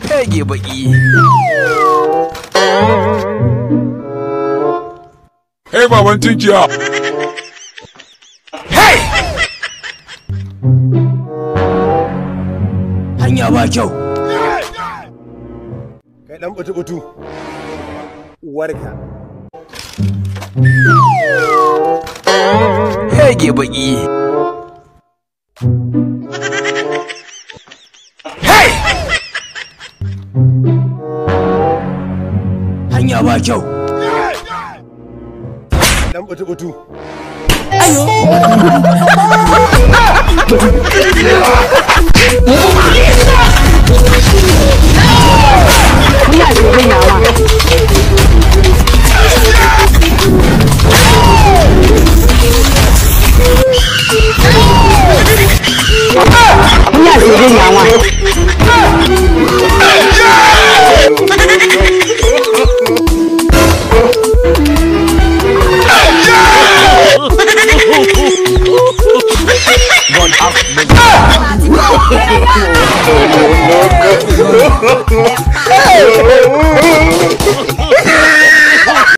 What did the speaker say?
Peggy baki. Hey one teacher. Hey! Hanya ba kyau. Kai dan Hey, give baki. hanya ba kyau dan butu butu ayo Ina da wani nawa. Oh! 啊！哈哈哈哈哈！